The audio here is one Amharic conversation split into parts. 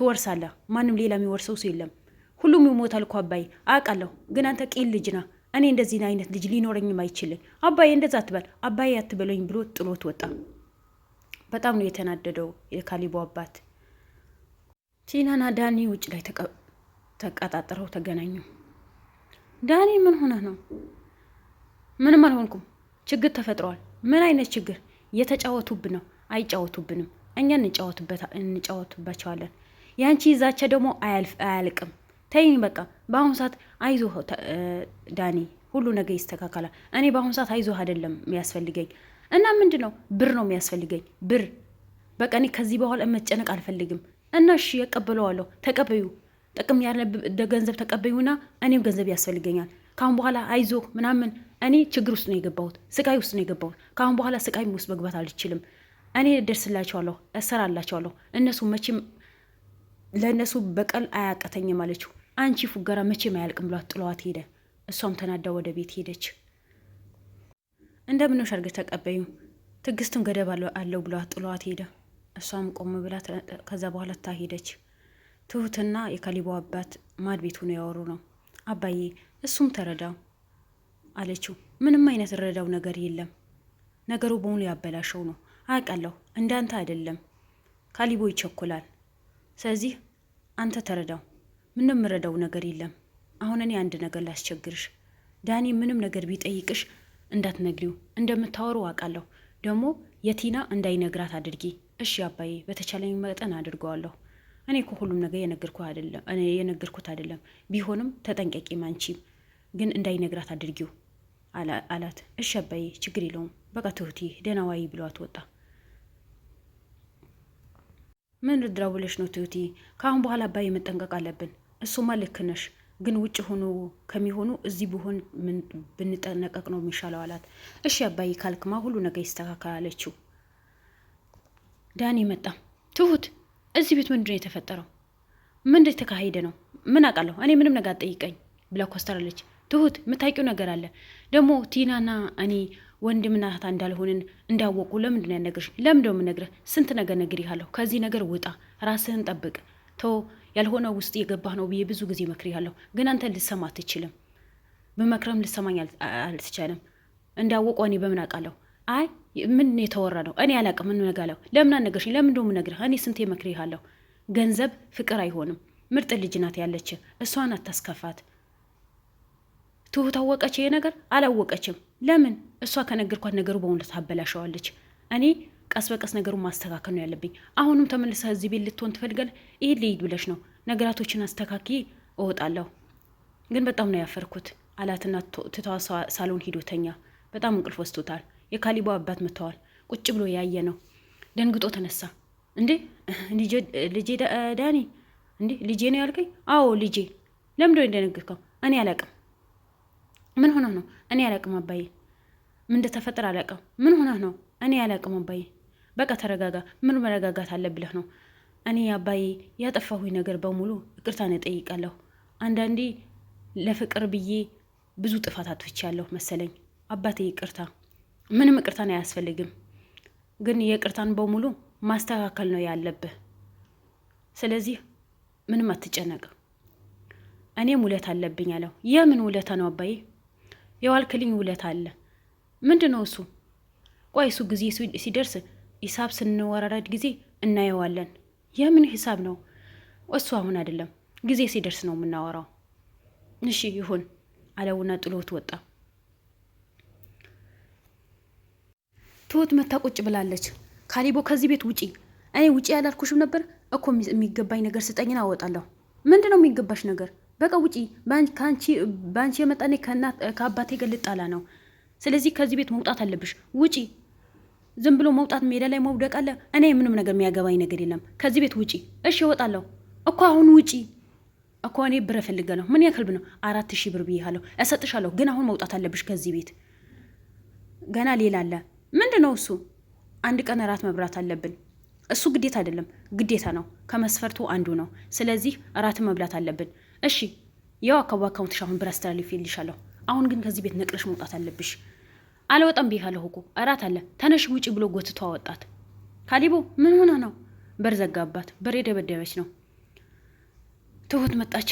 ትወርሳለህ። ማንም ሌላ የሚወርሰው ሰው የለም። ሁሉም ይሞታል እኮ አባይ፣ አውቃለሁ። ግን አንተ ቂል ልጅ ና እኔ እንደዚህ አይነት ልጅ ሊኖረኝም አይችልም። አባዬ እንደዛ አትበል፣ አባዬ አትበለኝ ብሎ ጥሎት ወጣ። በጣም ነው የተናደደው የካሊቦ አባት። ቲናና ዳኒ ውጭ ላይ ተቀጣጥረው ተገናኙ። ዳኒ ምን ሆነ ነው? ምንም አልሆንኩም። ችግር ተፈጥረዋል። ምን አይነት ችግር? የተጫወቱብን ነው። አይጫወቱብንም። እኛ እንጫወትባቸዋለን ያንቺ ይዛቸ ደግሞ አያልቅም። ተይኝ በቃ በአሁኑ ሰዓት አይዞ ዳኒ፣ ሁሉ ነገር ይስተካከላል። እኔ በአሁኑ ሰዓት አይዞ አይደለም የሚያስፈልገኝ እና ምንድን ነው ብር ነው የሚያስፈልገኝ ብር። በቃ እኔ ከዚህ በኋላ መጨነቅ አልፈልግም እና እሺ እቀበለዋለሁ። ተቀበዩ ጥቅም ያለ ገንዘብ ተቀበዩና እኔም ገንዘብ ያስፈልገኛል። ካሁን በኋላ አይዞ ምናምን እኔ ችግር ውስጥ ነው የገባሁት፣ ስቃይ ውስጥ ነው የገባሁት። ካሁን በኋላ ስቃይ ውስጥ መግባት አልችልም። እኔ ደርስላቸዋለሁ፣ እሰራላቸዋለሁ። እነሱ መቼም ለእነሱ በቀል አያቀተኝም አለችው። አንቺ ፉገራ መቼም አያልቅም ብሏት ጥለዋት ሄደ። እሷም ተናዳ ወደ ቤት ሄደች። እንደምንሽ አድርገሽ ተቀበዩ ትግስትም ገደብ አለው ብሏት ጥለዋት ሄደ። እሷም ቆም ብላ ከዛ በኋላ ታሄደች። ትሁትና የካሊቦ አባት ማድ ቤት ሆኖ ያወሩ ነው። አባዬ እሱም ተረዳው አለችው። ምንም አይነት ረዳው ነገር የለም። ነገሩ በሙሉ ያበላሸው ነው አውቃለሁ። እንዳንተ አይደለም። ካሊቦ ይቸኩላል ስለዚህ አንተ ተረዳው። ምንም ምረዳው ነገር የለም። አሁን እኔ አንድ ነገር ላስቸግርሽ። ዳኒ ምንም ነገር ቢጠይቅሽ እንዳትነግሪው። እንደምታወሩ አውቃለሁ። ደግሞ የቲና እንዳይነግራት አድርጊ። እሺ አባዬ፣ በተቻለኝ መጠን አድርገዋለሁ። እኔ እኮ ሁሉም ነገር የነገርኩት አይደለም። ቢሆንም ተጠንቀቂ፣ ማንቺም ግን እንዳይነግራት አድርጊው አላት። እሺ አባዬ፣ ችግር የለውም። በቃ ትሁቴ ደህና ዋይ ብሏት ወጣ። ምን ልድራው ነው ትዩቲ? ከአሁን በኋላ አባዬ መጠንቀቅ አለብን። እሱማ ልክ ነሽ፣ ግን ውጭ ሆኖ ከሚሆኑ እዚህ ብሆን ብንጠነቀቅ ነው የሚሻለው አላት። እሺ አባዬ ካልክማ ሁሉ ነገር ይስተካከል አለችው። ዳኒ መጣ። ትሁት እዚህ ቤት ምንድን ነው የተፈጠረው? ምን ተካሄደ ነው? ምን አውቃለሁ እኔ ምንም ነገር አጠይቀኝ ብላ ኮስተራለች። ትሁት የምታውቂው ነገር አለ ደግሞ ቲናና እኔ ወንድምና እህት እንዳልሆንን እንዳወቁ ለምንድን ያነግርሽ? ለምንድነው የምነግርህ? ስንት ነገር ነግሬሃለሁ። ከዚህ ነገር ውጣ፣ ራስህን ጠብቅ፣ ተው፣ ያልሆነ ውስጥ የገባህ ነው ብዬ ብዙ ጊዜ መክሬሃለሁ፣ ግን አንተ ልሰማ አትችልም። ብመክረም ልሰማኝ አልትቻልም። እንዳወቁ እኔ በምን አውቃለሁ? አይ ምን የተወራ ነው? እኔ አላውቅም። ምን ነጋለሁ? ለምን አነገርሽኝ? ለምንድነው የምነግርህ? እኔ ስንቴ መክሬሃለሁ። ገንዘብ ፍቅር አይሆንም። ምርጥ ልጅ ናት ያለች፣ እሷን አታስከፋት። ትሁት አወቀች ይሄ ነገር? አላወቀችም። ለምን እሷ ከነገርኳት ነገሩ በእውነት ታበላሸዋለች። እኔ ቀስ በቀስ ነገሩን ማስተካከል ነው ያለብኝ። አሁንም ተመልሰ እዚህ ቤት ልትሆን ትፈልጋል? ይህ ልሂድ ብለሽ ነው። ነገራቶችን አስተካኪ እወጣለሁ። ግን በጣም ነው ያፈርኩት አላትና ትተዋ ሳሎን ሂዶተኛ በጣም እንቅልፍ ወስቶታል። የካሊቦ አባት መጥተዋል። ቁጭ ብሎ ያየ ነው። ደንግጦ ተነሳ። እንዴ ልጄ ዳኒ፣ እንዴ ልጄ ነው ያልከኝ? አዎ ልጄ። ለምንድነው የደነገጥከው? እኔ አላቅም ምን ሆነህ ነው? እኔ አላቅም አባዬ። ምን እንደተፈጠረ አላቅም። ምን ሆነህ ነው? እኔ አላቅም አባዬ። በቃ ተረጋጋ። ምን መረጋጋት አለ ብለህ ነው? እኔ አባዬ ያጠፋሁኝ ነገር በሙሉ ይቅርታን እጠይቃለሁ። አንዳንዴ ለፍቅር ብዬ ብዙ ጥፋት አጥፍቻለሁ መሰለኝ አባቴ። ይቅርታ ምንም ይቅርታን አያስፈልግም፣ ግን የይቅርታን በሙሉ ማስተካከል ነው ያለብህ። ስለዚህ ምንም አትጨነቅ። እኔም ውለታ አለብኝ አለው። የምን ውለታ ነው አባዬ? የዋልክልኝ ውለት አለ። ምንድን ነው እሱ? ቆይ እሱ ጊዜ ሲደርስ ሂሳብ ስንወራረድ ጊዜ እናየዋለን። የምን ሂሳብ ነው እሱ? አሁን አይደለም፣ ጊዜ ሲደርስ ነው የምናወራው። እሺ ይሁን አለውና ጥሎት ወጣ። ትሁት መታ ቁጭ ብላለች። ካሊቦ ከዚህ ቤት ውጪ! እኔ ውጪ ያላልኩሽም ነበር እኮ የሚገባኝ ነገር ስጠኝና አወጣለሁ። ምንድን ነው የሚገባሽ ነገር? በቃ ውጪ፣ በአንቺ የመጣ ከእናት ከአባቴ ጋር ልጣላ ነው። ስለዚህ ከዚህ ቤት መውጣት አለብሽ፣ ውጪ። ዝም ብሎ መውጣት ሜዳ ላይ መውደቅ አለ። እኔ ምንም ነገር የሚያገባኝ ነገር የለም። ከዚህ ቤት ውጪ። እሺ እወጣለሁ እኮ አሁን ውጪ እኮ እኔ ብር ነው። ምን ያክል ብር ነው? አራት ሺህ ብር ብያለሁ፣ እሰጥሻለሁ። ግን አሁን መውጣት አለብሽ ከዚህ ቤት። ገና ሌላ አለ። ምንድን ነው እሱ? አንድ ቀን እራት መብራት አለብን። እሱ ግዴታ አይደለም፣ ግዴታ ነው። ከመስፈርቱ አንዱ ነው። ስለዚህ እራት መብላት አለብን። እሺ ያው አካባ አካውንትሽ አሁን ብር አስተላልፌልሻለሁ። አሁን ግን ከዚህ ቤት ነቅለሽ መውጣት አለብሽ። አልወጣም ብያለሁ እኮ እራት አለ፣ ተነሽ ውጪ ብሎ ጎትቶ አወጣት። ካሊቦ ምን ሆነ ነው? በር ዘጋባት። በር የደበደበች ነው። ትሁት መጣች።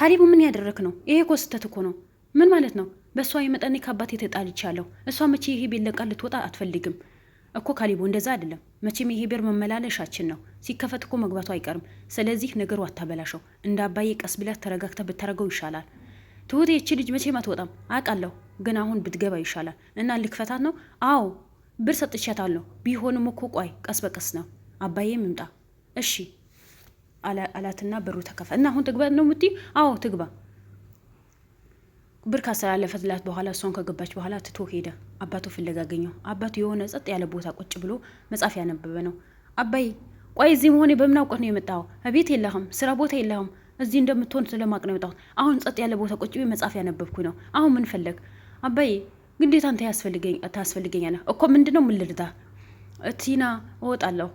ካሊቦ ምን ያደረክ ነው? ይሄ እኮ ስህተት እኮ ነው። ምን ማለት ነው? በእሷ የመጠኔ ከአባት የተጣልቻለሁ። እሷ መቼ ይሄ ቤት ለቃ ልትወጣ አትፈልግም። እኮ ካሊቦ እንደዛ አይደለም። መቼም ይሄ ብር መመላለሻችን ነው። ሲከፈት እኮ መግባቱ አይቀርም። ስለዚህ ነገሩ አታበላሸው። እንደ አባዬ ቀስ ብላት ተረጋግተህ ብታደረገው ይሻላል። ትሁት የቺ ልጅ መቼም አትወጣም አውቃለሁ፣ ግን አሁን ብትገባ ይሻላል። እና ልክፈታት ነው? አዎ ብር ሰጥቻታለሁ። ቢሆንም እኮ ቆይ ቀስ በቀስ ነው። አባዬም ይምጣ እሺ አላትና በሩ ተከፈ እና አሁን ትግባ ነው የምትይው? አዎ ትግባ። ብር ካስተላለፈላት በኋላ እሷን ከገባች በኋላ ትቶ ሄደ። አባቱ ፍለጋ አገኘው። አባቱ የሆነ ጸጥ ያለ ቦታ ቁጭ ብሎ መጽሐፍ ያነበበ ነው። አባይ ቆይ እዚህ መሆኔ በምን አውቀት ነው የመጣው? ቤት የለህም፣ ስራ ቦታ የለህም። እዚህ እንደምትሆን ስለማቅ ነው የመጣሁት። አሁን ጸጥ ያለ ቦታ ቁጭ ብዬ መጽሐፍ ያነበብኩ ነው። አሁን ምን ፈለግ? አባይ ግዴታ አንተ ታስፈልገኛለህ እኮ። ምንድን ነው እቲና ልርዳ? እወጣለሁ፣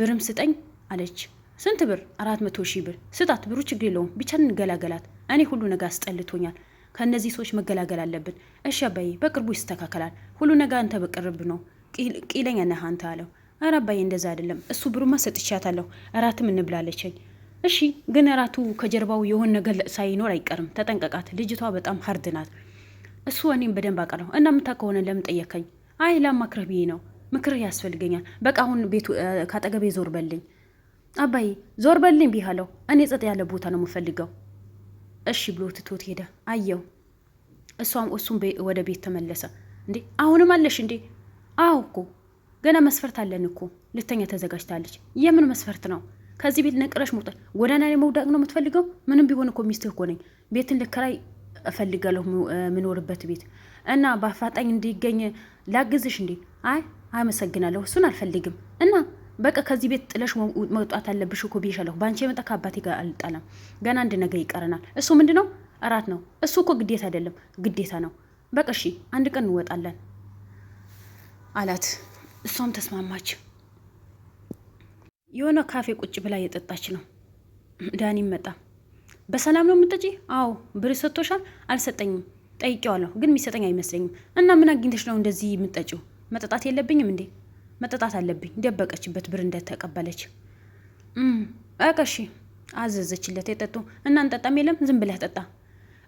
ብርም ስጠኝ አለች። ስንት ብር? አራት መቶ ሺህ ብር ስጣት። ብሩ ችግር የለውም ብቻ እንገላገላት። እኔ ሁሉ ነገር አስጠልቶኛል። ከእነዚህ ሰዎች መገላገል አለብን። እሺ አባዬ፣ በቅርቡ ይስተካከላል። ሁሉ ነገር አንተ በቅርብ ነው። ቂለኛ ነህ አንተ አለው። ኧረ አባዬ፣ እንደዛ አይደለም። እሱ ብሩማ ሰጥቻታለሁ፣ እራትም እንብላለችኝ። እሺ፣ ግን እራቱ ከጀርባው የሆነ ነገር ሳይኖር አይቀርም። ተጠንቀቃት፣ ልጅቷ በጣም ሀርድ ናት። እሱ እኔም በደንብ አውቃለሁ። እና ምታ ከሆነ ለምን ጠየከኝ? አይ ላማክርህ ብዬ ነው። ምክርህ ያስፈልገኛል። በቃ አሁን ቤቱ ካጠገቤ ዞር በልኝ። አባዬ ዞር በልኝ ቢሃለሁ። እኔ ጸጥ ያለ ቦታ ነው የምፈልገው። እሺ ብሎ ትቶት ሄደ። አየው እሷም እሱም ወደ ቤት ተመለሰ። እንዴ አሁንም አለሽ እንዴ? አዎ እኮ ገና መስፈርት አለን እኮ ልተኛ ተዘጋጅታለች። የምን መስፈርት ነው? ከዚህ ቤት ነቅረሽ መውጣት፣ ጎዳና ላይ መውዳቅ ነው የምትፈልገው? ምንም ቢሆን እኮ ሚስትህ እኮ ነኝ። ቤትን ልከራይ እፈልጋለሁ የምኖርበት ቤት እና በአፋጣኝ እንዲገኝ ላግዝሽ እንዴ? አይ አመሰግናለሁ፣ እሱን አልፈልግም እና በቃ ከዚህ ቤት ጥለሽ መውጣት አለብሽ እኮ ብዬሻለሁ። በአንቺ የመጣ ከአባቴ ጋር አልጣለም። ገና አንድ ነገር ይቀረናል። እሱ ምንድን ነው? እራት ነው። እሱ እኮ ግዴታ አይደለም፣ ግዴታ ነው። በቃ እሺ፣ አንድ ቀን እንወጣለን አላት። እሷም ተስማማች። የሆነ ካፌ ቁጭ ብላ እየጠጣች ነው። ዳኒ መጣ። በሰላም ነው የምትጠጪ? አዎ። ብር ሰጥቶሻል? አልሰጠኝም። ጠይቄዋለሁ፣ ግን የሚሰጠኝ አይመስለኝም። እና ምን አግኝተሽ ነው እንደዚህ የምትጠጪው? መጠጣት የለብኝም እንዴ? መጠጣት አለብኝ። ደበቀችበት ብር እንደተቀበለች አቀሺ አዘዘችለት። የጠጡ እና እንጠጣም የለም ዝም ብለህ ጠጣ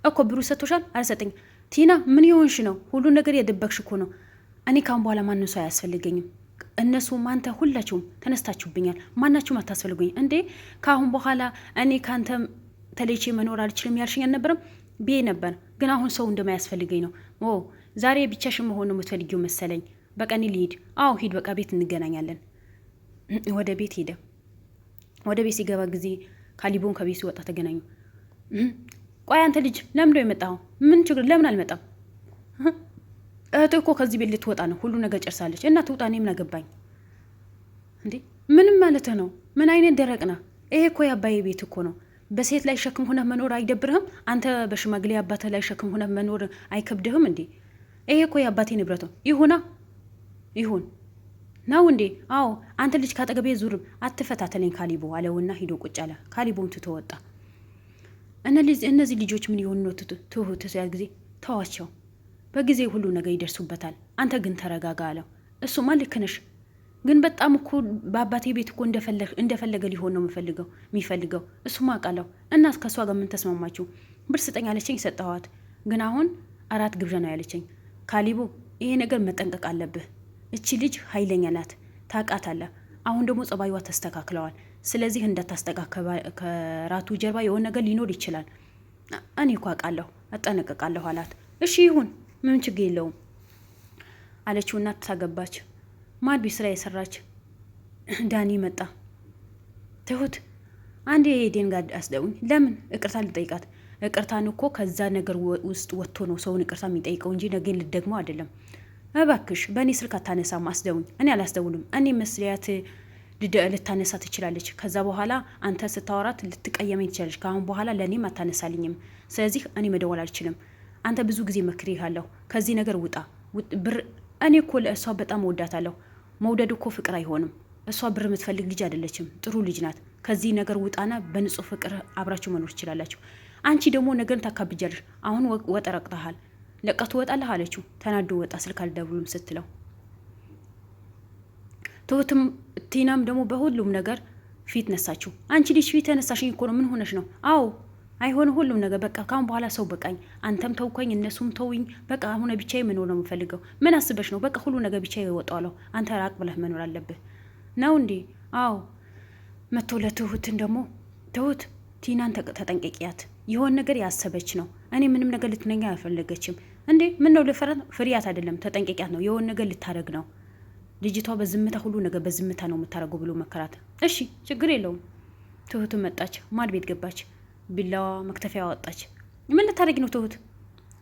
እኮ ብሩ ሰጥቶሻል። አልሰጠኝ ቲና፣ ምን የሆንሽ ነው? ሁሉ ነገር የደበቅሽ እኮ ነው። እኔ ካሁን በኋላ ማንም ሰው አያስፈልገኝም። እነሱ ማንተ ሁላችሁም ተነስታችሁብኛል። ማናችሁም አታስፈልጉኝ እንዴ! ካሁን በኋላ እኔ ካንተ ተለይቼ መኖር አልችልም ያልሽኝ አልነበረም ቤ ነበር። ግን አሁን ሰው እንደማያስፈልገኝ ነው። ዛሬ ብቻሽን መሆን ነው የምትፈልጊው መሰለኝ። በቀን እኔ አዎ ሂድ፣ በቃ ቤት እንገናኛለን። ወደ ቤት ሄደ። ወደ ቤት ሲገባ ጊዜ ካሊቦን ከቤት ሲወጣ ተገናኙ። ቆይ አንተ ልጅ ለምንድነው የመጣው? ምን ችግር? ለምን አልመጣም? እህት እኮ ከዚህ ቤት ልትወጣ ነው፣ ሁሉ ነገር ጨርሳለች እና ትውጣ። እኔ ምን አገባኝ እንዴ? ምንም ማለት ነው? ምን አይነት ደረቅና ይሄ እኮ የአባዬ ቤት እኮ ነው። በሴት ላይ ሸክም ሁነህ መኖር አይደብርህም? አንተ በሽማግሌ አባትህ ላይ ሸክም ሁነህ መኖር አይከብድህም እንዴ? ይሄ እኮ የአባቴ ንብረት ነው። ይሁና ይሁን ነው እንዴ? አዎ አንተ ልጅ ካጠገቤ ዙርም አትፈታተለኝ ካሊቦ አለውና ሂዶ ቁጭ አለ። ካሊቦም ትቶ ወጣ። እነዚህ ልጆች ምን የሆኑ ነው ትሁ ያል ጊዜ ተዋቸው፣ በጊዜ ሁሉ ነገር ይደርሱበታል። አንተ ግን ተረጋጋ አለው። እሱማ ልክ ነሽ፣ ግን በጣም እኮ በአባቴ ቤት እኮ እንደፈለገ ሊሆን ነው የሚፈልገው። እሱማ አውቃለሁ። እና ከእሷ ጋር ምን ተስማማችሁ? ብር ስጠኝ አለችኝ፣ ሰጠኋት። ግን አሁን አራት ግብዣ ነው ያለችኝ። ካሊቦ ይሄ ነገር መጠንቀቅ አለብህ እቺ ልጅ ኃይለኛ ናት፣ አለ አሁን ደግሞ ጸባይዋ ተስተካክለዋል። ስለዚህ እንዳታስጠቃከባ ከራቱ ጀርባ የሆነ ነገር ሊኖር ይችላል። እኔ እኮ አውቃለሁ፣ እጠነቀቃለሁ አላት። እሺ ይሁን፣ ምን ችግር የለውም እናት ታገባች። ማድ ቤት ስራ የሰራች ዳኒ መጣ። ትሁት አንድ የኤዴን ጋር አስደውኝ፣ ለምን እቅርታ ልጠይቃት። እቅርታን እኮ ከዛ ነገር ውስጥ ወጥቶ ነው ሰውን እቅርታ የሚጠይቀው እንጂ ነገ ልደግመው አይደለም። እባክሽ በእኔ ስልክ አታነሳም፣ አስደውኝ። እኔ አላስደውልም። እኔ መስሪያት ልታነሳ ትችላለች። ከዛ በኋላ አንተ ስታወራት ልትቀየመኝ ትችላለች። ከአሁን በኋላ ለእኔም አታነሳልኝም። ስለዚህ እኔ መደወል አልችልም። አንተ ብዙ ጊዜ መክሬሃለሁ። ከዚህ ነገር ውጣ ብር እኔ እኮ ለእሷ በጣም እወዳታለሁ። መውደድ እኮ ፍቅር አይሆንም። እሷ ብር የምትፈልግ ልጅ አይደለችም። ጥሩ ልጅ ናት። ከዚህ ነገር ውጣና በንጹህ ፍቅር አብራችሁ መኖር ትችላላችሁ። አንቺ ደግሞ ነገርን ታካብጃለች አሁን ወጠረቅጠሃል። ለቀቱ ወጣለህ አለችው። ተናዶ ወጣ። ስልክ አልደውልም ስትለው ትሁትም ቲናም ደግሞ በሁሉም ነገር ፊት ነሳችው። አንቺ ልጅ ፊት ተነሳሽኝ እኮ ነው። ምን ሆነሽ ነው? አዎ አይሆንም ሁሉም ነገር በቃ ካሁን በኋላ ሰው በቃኝ። አንተም ተውከኝ፣ እነሱም ተውኝ። በቃ አሁን ብቻ መኖር ነው የምፈልገው። ምን አስበሽ ነው? በቃ ሁሉ ነገር ብቻ እወጣዋለሁ። አንተ ራቅ ብለህ መኖር አለብህ ነው እንዴ? አዎ መቶ ለትሁትን ደግሞ ትሁት ቲናን ተጠንቀቂያት፣ የሆን ነገር ያሰበች ነው። እኔ ምንም ነገር ልትነኛ አልፈለገችም። እንዴ ምን ነው ልፈራት? ፍሪያት አይደለም ተጠንቀቂያት ነው። የሆነ ነገር ልታደረግ ነው ልጅቷ። በዝምታ ሁሉ ነገር በዝምታ ነው የምታደርገው ብሎ መከራት። እሺ ችግር የለውም። ትሁት መጣች፣ ማድ ቤት ገባች፣ ቢላዋ መክተፊያ ወጣች። ምን ልታደረጊ ነው ትሁት?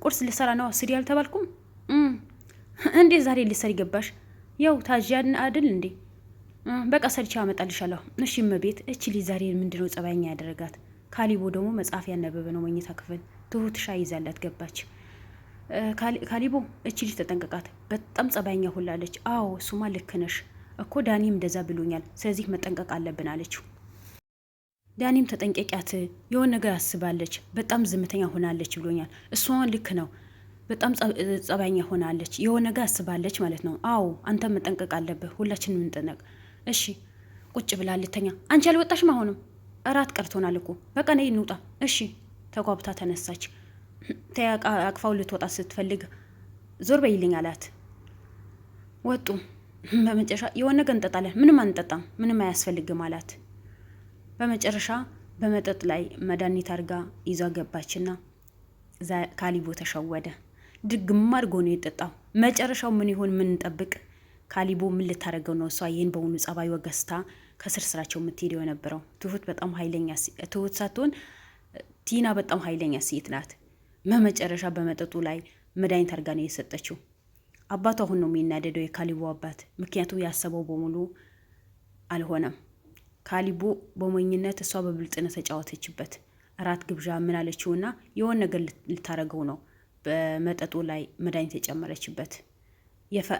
ቁርስ ልሰራ ነው። ስሪ አልተባልኩም? እንዴት ዛሬ ልሰሪ ገባሽ? ያው ታዣን አይደል እንዴ? በቃ ሰርቻ አመጣልሻለሁ። እሺ እመቤት። እቺ ልጅ ዛሬ ምንድነው ጸባይኛ ያደረጋት? ካሊቦ ደግሞ መጽሐፍ ያነበበ ነው መኝታ ክፍል። ትሁት ሻይ ይዛላት ገባች። ካሊቦ እቺ ልጅ ተጠንቀቃት፣ በጣም ጸባይኛ ሁላለች። አዎ እሱማ ልክ ነሽ እኮ ዳኒም እንደዛ ብሎኛል፣ ስለዚህ መጠንቀቅ አለብን አለችው። ዳኒም ተጠንቀቂያት፣ የሆነ ነገር አስባለች፣ በጣም ዝምተኛ ሆናለች ብሎኛል። እሷን ልክ ነው፣ በጣም ጸባይኛ ሆናለች፣ የሆነ ነገር አስባለች ማለት ነው። አዎ አንተ መጠንቀቅ አለብህ፣ ሁላችንም እንጠነቅ። እሺ ቁጭ ብላ ልተኛ። አንቺ አልወጣሽም? አሁንም እራት ቀርቶናል እኮ በቃ ነይ እንውጣ። እሺ ተጓብታ ተነሳች። አቅፋው ልትወጣ ስትፈልግ ዞር በይልኝ አላት። ወጡ። በመጨረሻ የሆነ ነገር እንጠጣለን። ምንም አንጠጣም፣ ምንም አያስፈልግም አላት። በመጨረሻ በመጠጥ ላይ መድኃኒት አድርጋ ይዛ ገባችና ካሊቦ ተሸወደ። ድግም አድርጎ ነው የጠጣው። መጨረሻው ምን ይሆን? ምን እንጠብቅ? ካሊቦ ምን ልታደርገው ነው? እሷ ይህን በሆኑ ጸባይ ወገስታ ከስር ስራቸው የምትሄደው የነበረው ትሁት በጣም ኃይለኛ ትሁት ሳትሆን ቲና በጣም ኃይለኛ ሴት ናት። በመጨረሻ በመጠጡ ላይ መድኃኒት አድርጋ ነው የሰጠችው። አባቱ አሁን ነው የሚናደደው የካሊቦ አባት፣ ምክንያቱ ያሰበው በሙሉ አልሆነም። ካሊቦ በሞኝነት እሷ በብልጥነት ተጫወተችበት። እራት ግብዣ ምን የሆን ነገር ልታደርገው ነው በመጠጡ ላይ መድኃኒት የጨመረችበት።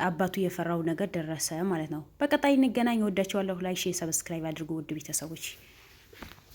አባቱ የፈራው ነገር ደረሰ ማለት ነው። በቀጣይ እንገናኝ። ወዳቸዋለሁ። ላይ ሼ ሰብስክራይብ አድርጉ ውድ ቤተሰቦች።